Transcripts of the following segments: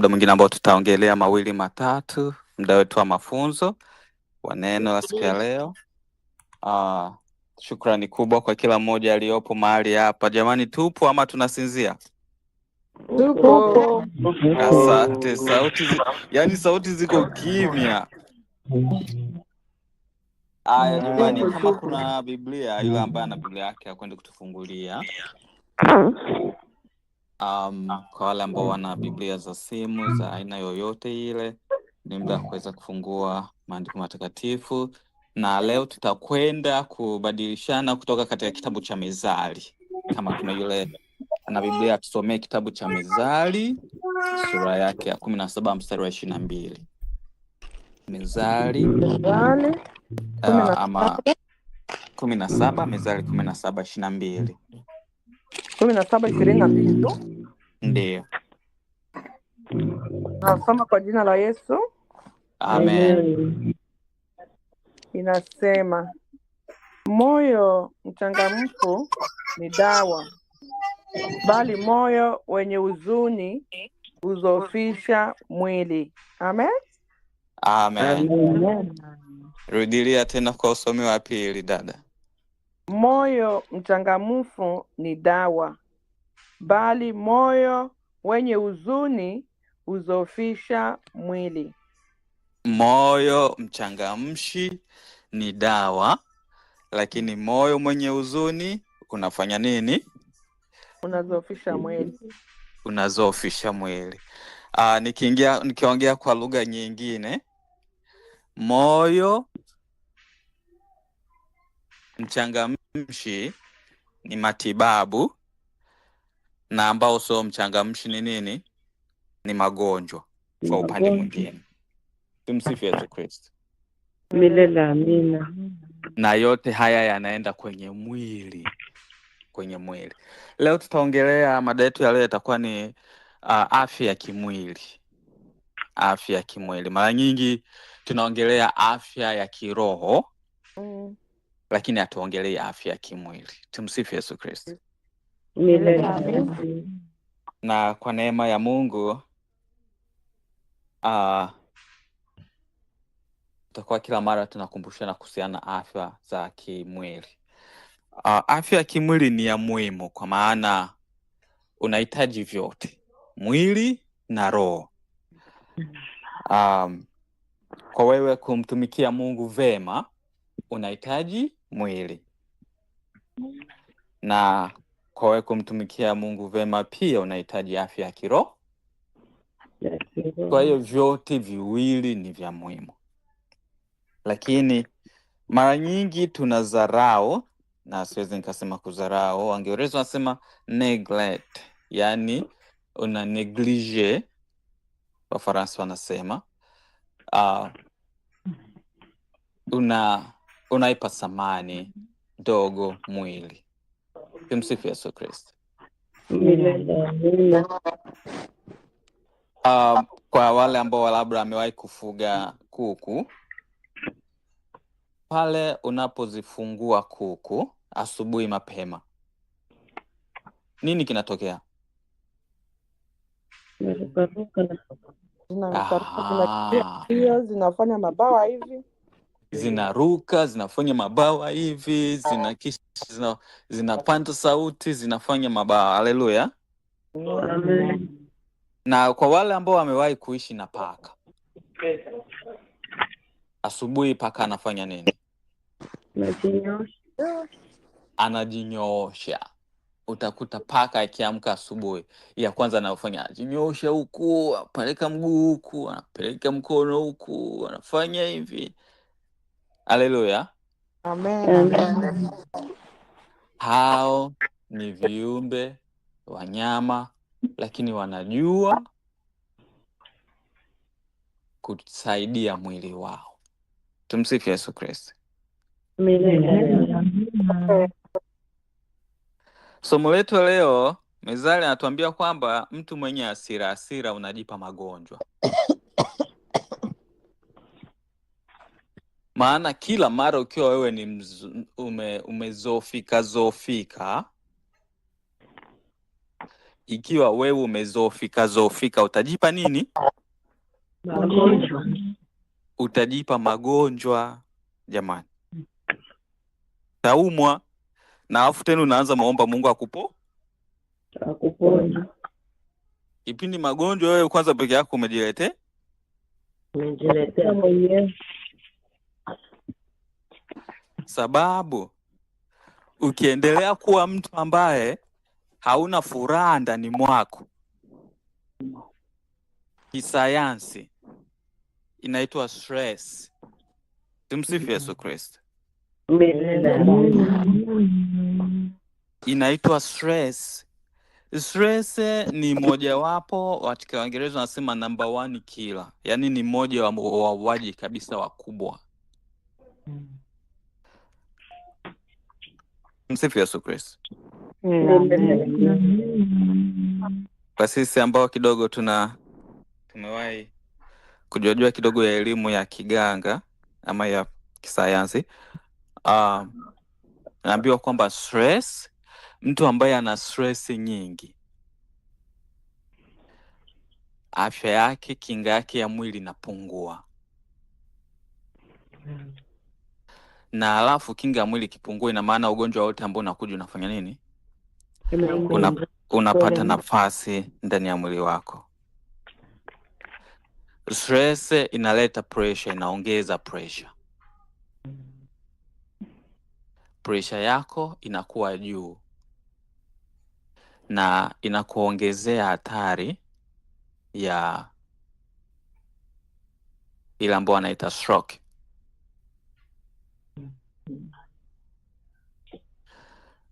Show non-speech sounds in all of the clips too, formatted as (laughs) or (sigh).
muda mwingine ambao tutaongelea mawili matatu, muda wetu wa mafunzo wa neno la siku ya leo. Uh, shukrani kubwa kwa kila mmoja aliyopo mahali hapa. Jamani, tupo ama tunasinzia? Tupo. Asante. Sauti zi... yani sauti ziko kimya. Aya jamani, kama kuna Biblia, yule ambaye ana Biblia yake akwende kutufungulia Um, ah. kwa wale ambao mm. wana Biblia za simu za aina yoyote ile, ni muda wa mm. kuweza kufungua maandiko matakatifu, na leo tutakwenda kubadilishana kutoka katika kitabu cha mizali Kama kuna yule ana Biblia atusomee kitabu cha mizali sura yake ya kumi na saba mstari wa ishirini na mbili. Mezali uh, ama kumi na saba mizali kumi na saba ishirini na mbili kumi na saba ishirini na mbili ndio nasoma kwa jina la Yesu amen. Inasema moyo mchangamfu ni dawa, bali moyo wenye huzuni huzofisha mwili. Amen, amen. Rudilia tena kwa usomi wa pili, dada. Moyo mchangamfu ni dawa, bali moyo wenye huzuni hudhoofisha mwili. Moyo mchangamshi ni dawa, lakini moyo mwenye huzuni unafanya nini? unazofisha mwili, unazofisha mwili. Aa, ah, nikiingia nikiongea kwa lugha nyingine, moyo mchangamshi mshi ni matibabu na ambao sio mchangamshi ni nini? Ni magonjwa. Kwa upande mwingine, tumsifu Yesu Kristo. Milele amina. Na yote haya yanaenda kwenye mwili, kwenye mwili. Leo tutaongelea mada yetu ya leo itakuwa ni uh, afya ya kimwili, afya ya kimwili. Mara nyingi tunaongelea afya ya kiroho mm lakini atuongelee afya ya kimwili. Tumsifu Yesu Kristo. Na kwa neema ya Mungu uh, tutakuwa kila mara tunakumbushana kuhusiana na afya za kimwili. Uh, afya ya kimwili ni ya muhimu kwa maana unahitaji vyote, mwili na roho. Um, kwa wewe kumtumikia Mungu vema unahitaji mwili, na kwa wewe kumtumikia Mungu vema pia unahitaji afya ya kiroho. Kwa hiyo vyote viwili ni vya muhimu, lakini mara nyingi zarau na siwezi nikasema kuzarau Waingereza wanasema neglect, yaani una neglige, Wafaransa wanasema uh, una unaipa thamani mhm. ndogo mwili. kimsifu Yesu Kristo. Uh, kwa wale ambao labda amewahi kufuga kuku, pale unapozifungua kuku asubuhi mapema, nini kinatokea? Zinarukaruka, ah. zinafanya mabawa hivi zinaruka zinafanya mabawa hivi ah. zinakisha zina, zinapanda sauti zinafanya mabawa. Haleluya! na kwa wale ambao wamewahi kuishi na paka, asubuhi paka anafanya nini? Anajinyoosha. Utakuta paka akiamka asubuhi, ya kwanza anayofanya anajinyoosha, huku anapeleka mguu huku anapeleka mkono huku anafanya hivi Haleluya. Amen. Amen. Hao ni viumbe wanyama, lakini wanajua kusaidia mwili wao. Tumsifu Yesu Kristo. Somo letu leo, Mezali anatuambia kwamba mtu mwenye asira asira unajipa magonjwa maana kila mara ukiwa wewe ni umezofika ume, zofika ikiwa wewe umezofika zofika utajipa nini? Magonjwa. Utajipa magonjwa jamani, taumwa na afu tena unaanza maomba Mungu akupo akuponya, kipindi magonjwa wewe kwanza peke yako umejiletea umejiletea mwenyewe sababu ukiendelea kuwa mtu ambaye hauna furaha ndani mwako kisayansi inaitwa stress. Tumsifu Yesu Kristo. Inaitwa stress. Stress ni mojawapo katika Waingereza wanasema number one yaani ni mmoja wa wauaji kabisa wakubwa. Msifu Yesu Kristo. Kwa sisi ambao kidogo tuna tumewahi kujua kidogo ya elimu ya kiganga ama ya kisayansi, uh, naambiwa kwamba stress, mtu ambaye ana stress nyingi afya yake, kinga yake ya mwili inapungua na alafu kinga ya mwili ikipungua, ina maana ugonjwa wote ambao unakuja unafanya nini? Una, unapata nafasi ndani ya mwili wako. Stress inaleta pressure, inaongeza pressure. Pressure yako inakuwa juu na inakuongezea hatari ya ile ambayo anaita stroke.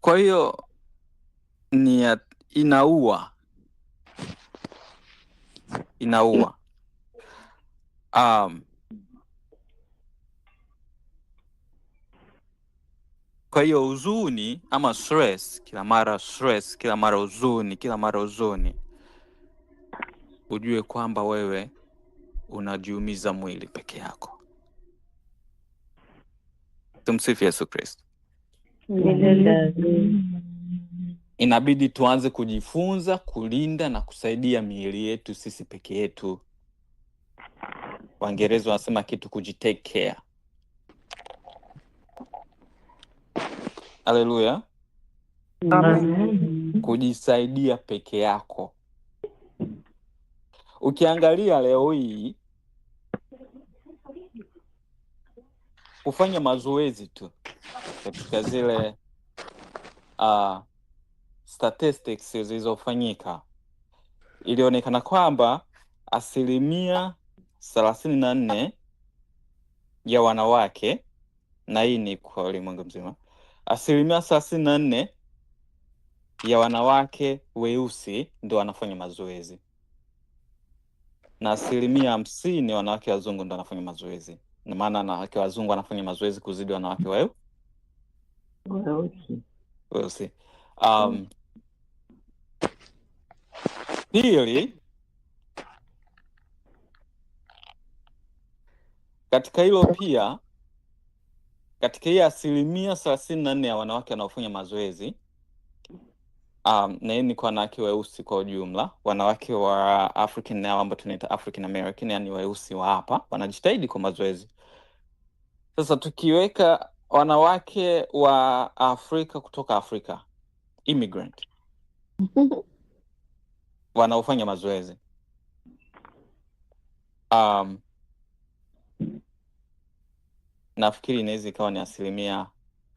Kwa hiyo ni inaua inaua. Um, kwa hiyo huzuni ama stress, kila mara stress, kila mara huzuni, kila mara huzuni, ujue kwamba wewe unajiumiza mwili peke yako. Tumsifu Yesu Kristo. Inabidi tuanze kujifunza kulinda na kusaidia miili yetu sisi peke yetu. Waingereza wanasema kitu kujitake care. Haleluya, kujisaidia peke yako. Ukiangalia leo hii kufanya mazoezi tu katika zile uh, statistics zilizofanyika ilionekana kwamba asilimia thelathini na nne ya wanawake, na hii ni kwa ulimwengu mzima, asilimia thelathini na nne ya wanawake weusi ndo wanafanya mazoezi na asilimia hamsini wanawake wazungu ndo wanafanya mazoezi namaana maana wanawake wazungu wanafanya mazoezi kuzidi wanawake weusi weusi. Um, pili katika hilo pia, katika hii asilimia thelathini na nne ya wanawake wanaofanya mazoezi um, na hii ni kwa wanawake weusi kwa ujumla, wanawake wa African nao ambao tunaita African American, yani weusi wa hapa wanajitahidi kwa mazoezi. Sasa tukiweka wanawake wa Afrika kutoka Afrika immigrant (laughs) wanaofanya mazoezi um, nafikiri inaweza ikawa ni asilimia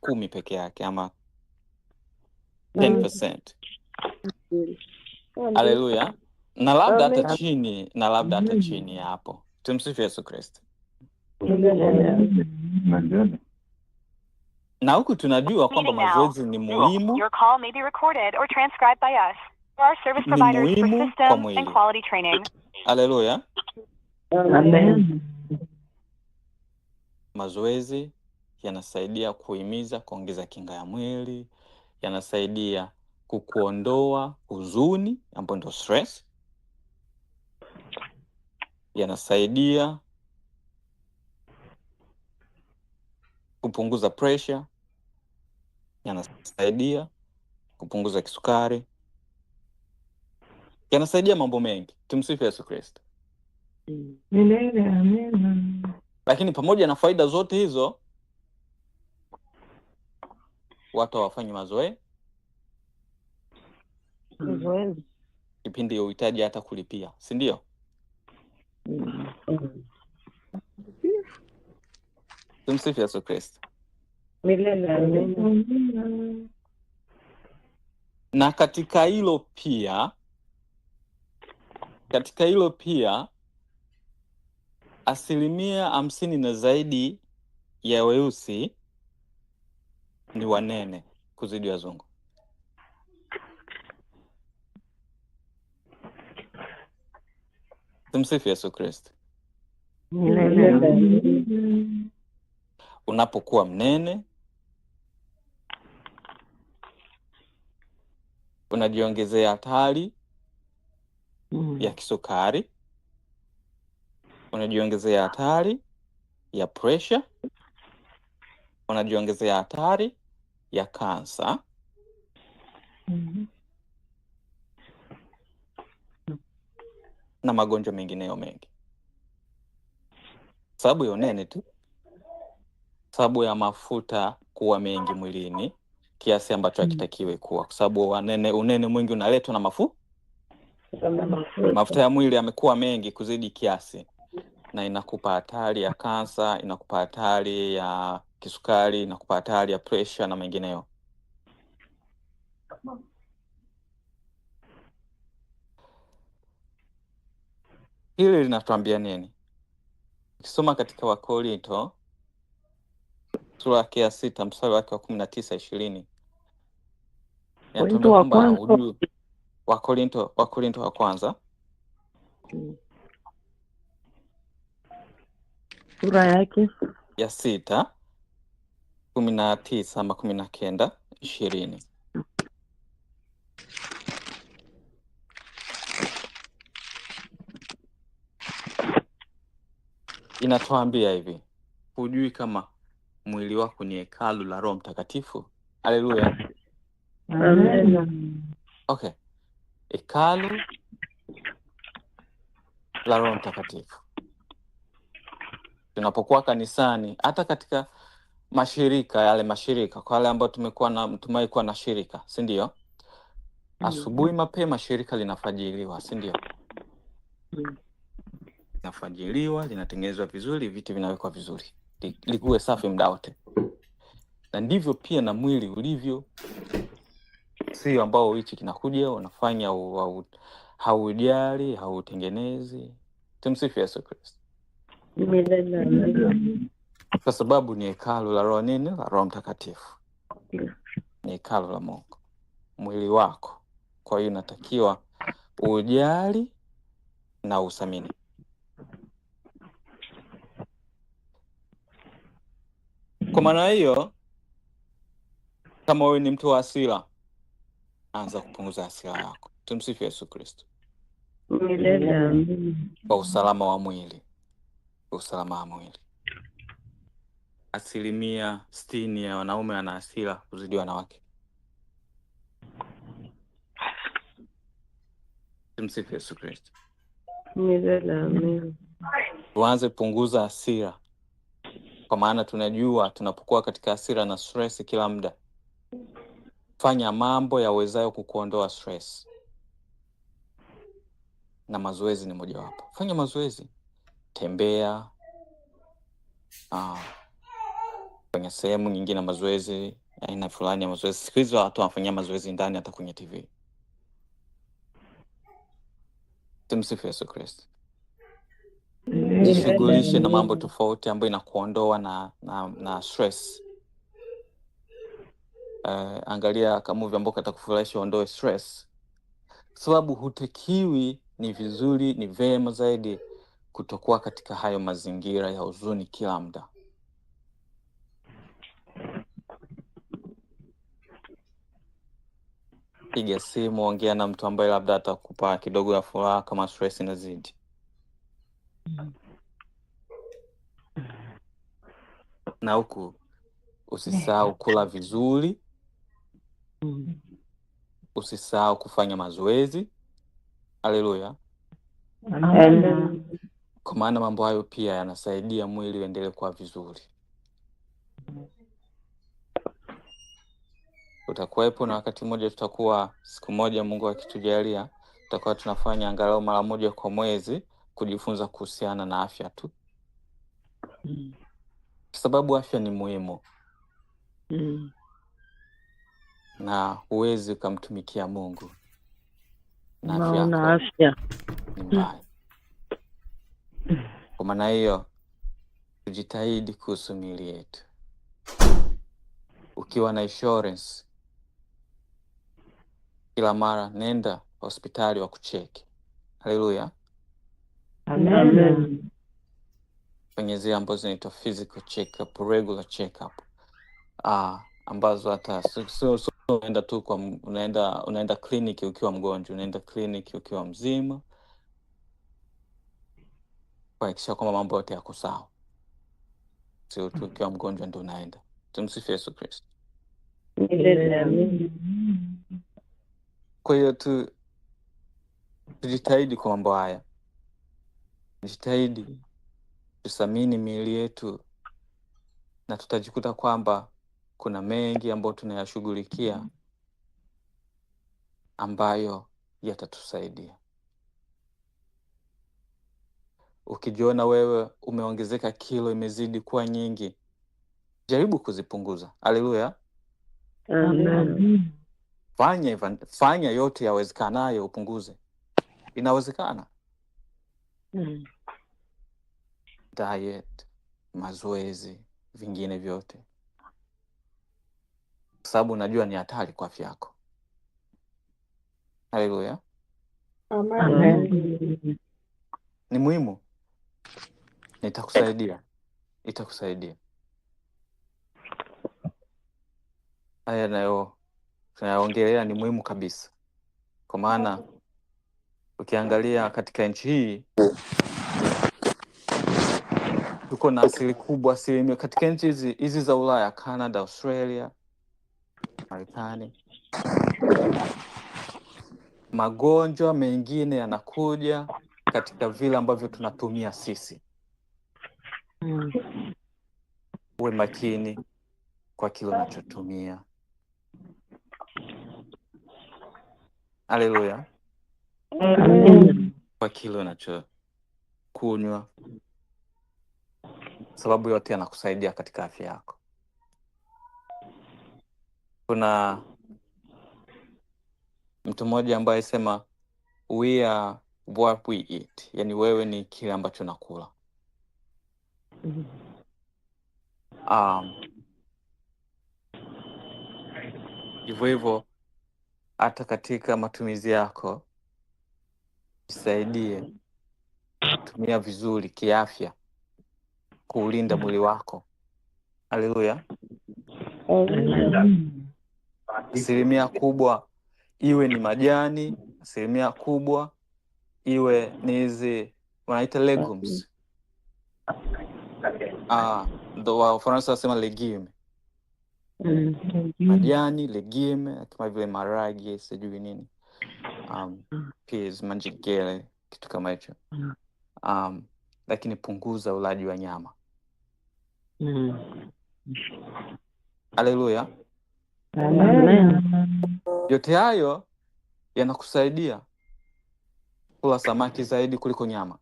kumi peke yake ama 10%. Mm. Na labda hata chini, na labda hata chini ya hapo. Tumsifu Yesu Kristo. Na huku tunajua kwamba mazoezi ni muhimu. Your call may be recorded or transcribed by us. our service providers for system and quality training. Amen. Mazoezi yanasaidia kuhimiza kuongeza kinga ya mwili yanasaidia kukuondoa huzuni ambayo ndo stress, yanasaidia kupunguza pressure, yanasaidia kupunguza kisukari, yanasaidia mambo mengi. Tumsifu Yesu Kristo. Lakini pamoja na faida zote hizo watu hawafanyi mazoezi mazoezi kipindi uhitaji hata kulipia, si ndio? Tumsifu Yesu Kristo. Na katika hilo pia, katika hilo pia asilimia hamsini na zaidi ya weusi ni wanene kuzidi wazungu? Tumsifu Yesu Kristo. Unapokuwa mnene unajiongezea hatari mm. ya kisukari, unajiongezea hatari ya presha, unajiongezea hatari ya kansa mm -hmm. na magonjwa mengineyo mengi. Sababu ya unene tu, sababu ya mafuta kuwa mengi mwilini kiasi ambacho mm-hmm. hakitakiwe kuwa, kwa sababu wanene unene mwingi unaletwa na mafu mafuta. mafuta ya mwili yamekuwa mengi kuzidi kiasi, na inakupa hatari ya kansa, inakupa hatari ya kisukari na kupata hali ya presha na mengineyo. Hili linatuambia nini? Ukisoma katika Wakorinto sura yake ya sita mstari wake wa kumi na tisa ishirini yaani Wakorinto Wakorinto wa kwanza hmm. sura yake ya sita kumi na tisa ama kumi na kenda ishirini inatuambia hivi hujui kama mwili wako ni hekalu la roho mtakatifu haleluya okay hekalu la roho mtakatifu tunapokuwa kanisani hata katika mashirika yale mashirika kwa wale ambao tumekuwa na tumewai kuwa na shirika si Asubuhi mapema shirika linafajiliwa si ndio? Linafajiliwa, linatengenezwa vizuri, viti vinawekwa vizuri, likuwe safi mda wote, na ndivyo pia na mwili ulivyo, sio ambao hichi kinakuja unafanya haujali hautengenezi. Tumsifu Yesu Kristo kwa sababu ni hekalu la roho nini, la Roho Mtakatifu, ni hekalu la Mungu, mwili wako. Kwa hiyo inatakiwa ujali na usamini. Kwa maana hiyo, kama wewe ni mtu wa asira anza kupunguza asira yako. Tumsifu Yesu Kristo. Kwa usalama wa mwili, usalama wa mwili asilimia sitini ya wanaume wana hasira kuzidi wanawake. Tumsifu Yesu Kristo. Tuanze punguza hasira, kwa maana tunajua tunapokuwa katika hasira na stress kila muda, fanya mambo yawezayo kukuondoa stress, na mazoezi ni mojawapo. Fanya mazoezi, tembea ah kwenye sehemu nyingine mazoezi, aina fulani ya mazoezi. Siku hizi watu wanafanyia mazoezi ndani hata kwenye TV. Tumsifu Yesu Kristo. Jishughulishe na mambo tofauti ambayo inakuondoa na, na, na stress. Uh, angalia kamuvi ambao katakufurahisha uondoe stress, kwa sababu hutakiwi. Ni vizuri, ni vema zaidi kutokuwa katika hayo mazingira ya huzuni kila mda piga simu, ongea na mtu ambaye labda atakupa kidogo ya furaha kama stress inazidi. Na huku usisahau kula vizuri, usisahau kufanya mazoezi. Haleluya! Kwa maana mambo hayo pia yanasaidia mwili uendelee kuwa vizuri utakuwepo, na wakati mmoja tutakuwa, siku moja Mungu akitujalia, tutakuwa tunafanya angalau mara moja kwa mwezi kujifunza kuhusiana na afya tu, kwa sababu afya ni muhimu na huwezi ukamtumikia Mungu na afya kwa maana hiyo tujitahidi kuhusu mili yetu. Ukiwa na insurance kila mara, nenda hospitali wa kucheki. Haleluya, amen. Kwenye zile ambazo zinaitwa physical regular ah, ambazo hata sio so, so, unaenda tu kwa unaenda unaenda kliniki ukiwa mgonjwa, unaenda kliniki ukiwa mzima, kuhakikisha kwamba mambo yote yako sawa, sio tu ukiwa mgonjwa ndio unaenda. Tumsifu Yesu Kristo. Kwa hiyo tu tujitahidi kwa mambo haya, tujitahidi tuthamini miili yetu, na tutajikuta kwamba kuna mengi ambayo tunayashughulikia ambayo yatatusaidia. Ukijiona wewe umeongezeka kilo, imezidi kuwa nyingi, jaribu kuzipunguza. aleluya amen fanya, fanya yote yawezekanayo upunguze. Inawezekana. mm. Diet, mazoezi, vingine vyote, kwa sababu najua ni hatari kwa afya yako. Haleluya, Ni muhimu, nitakusaidia, itakusaidia haya nayo tunayaongelea ni muhimu kabisa, kwa maana ukiangalia katika nchi hii tuko na asili kubwa, asilimia katika nchi hizi hizi za Ulaya, Canada, Australia, Marekani, magonjwa mengine yanakuja katika vile ambavyo tunatumia sisi. Hmm. Uwe makini kwa kile unachotumia aleluya Kwa kile unachokunywa, sababu yote yanakusaidia katika afya yako. Kuna mtu mmoja ambaye sema we are what we eat, yani wewe ni kile ambacho nakula. Um, hivyo hivyo hata katika matumizi yako, isaidie kutumia vizuri kiafya, kuulinda mm. mwili wako. Haleluya! asilimia kubwa iwe ni majani, asilimia kubwa iwe ni hizi wanaita legumes. Mm. Ah, ndo Wafaransa wanasema legume mm. majani, legime kama vile marage, sijui nini, um, peas, manjigele kitu kama hicho um, lakini punguza ulaji wa nyama. mm. Mm-hmm. aleluya yote hayo yanakusaidia kula samaki zaidi kuliko nyama.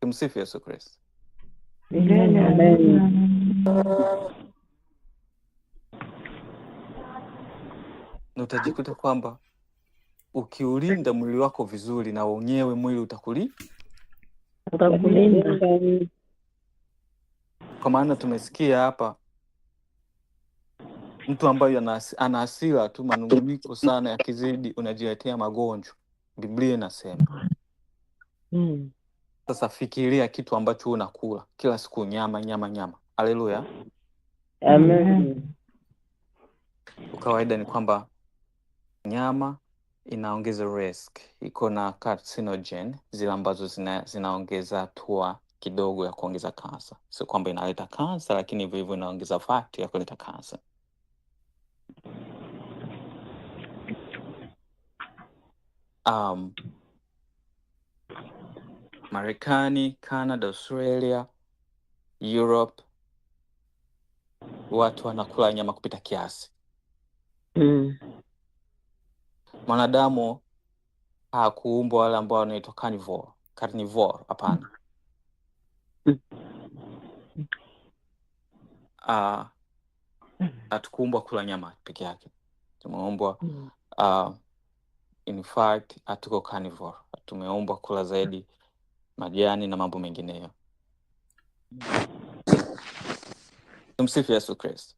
kimsifu mm-hmm. Yesu Kristo. utajikuta kwamba ukiulinda mwili wako vizuri, na wenyewe mwili utakuli utakulinda, kwa maana tumesikia hapa mtu ambaye ana asira tu, manunguniko sana yakizidi, unajiletea magonjwa. Biblia inasema mm. Sasa fikiria kitu ambacho unakula kila siku, nyama nyama nyama. Haleluya, amen. Kawaida ni kwamba nyama inaongeza risk, iko na carcinogen zile ambazo zina, zinaongeza hatua kidogo ya kuongeza kansa. Sio kwamba inaleta kansa, lakini hivyo hivyo inaongeza fakti ya kuleta kansa. Um, Marekani, Canada, Australia, Europe watu wanakula nyama kupita kiasi mm mwanadamu hakuumbwa wale ambao wanaitwa carnivore carnivore, hapana. Uh, hatukuumbwa kula nyama peke yake, tumeumbwa uh, in fact hatuko carnivore, tumeumbwa kula zaidi majani na mambo mengineyo. Tumsifu Yesu Kristo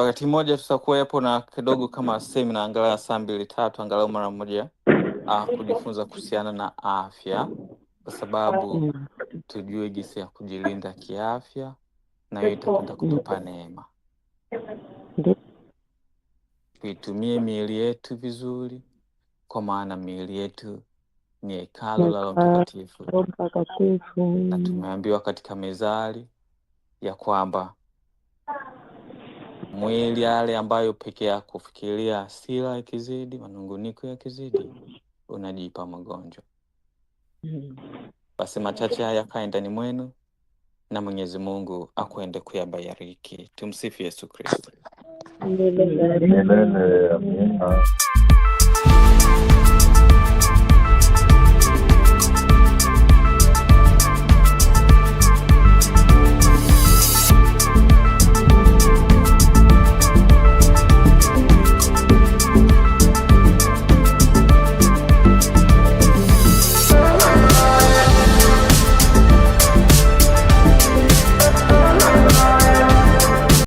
wakati mmoja tutakuwepo na kidogo kama semina angalau saa mbili tatu angalau mara moja uh, kujifunza kuhusiana na afya, kwa sababu tujue jinsi ya kujilinda kiafya, na hiyo itakwenda kutupa neema. Tuitumie miili yetu vizuri, kwa maana miili yetu ni hekalo la Roho Mtakatifu, na tumeambiwa katika mezali ya kwamba mwili, yale ambayo peke yako fikiria, hasira yakizidi, manunguniko yakizidi, unajipa magonjwa. Basi machache haya kaa ndani mwenu na Mwenyezi Mungu akwende kuyabayariki Tumsifu Yesu Kristo milele. Amina.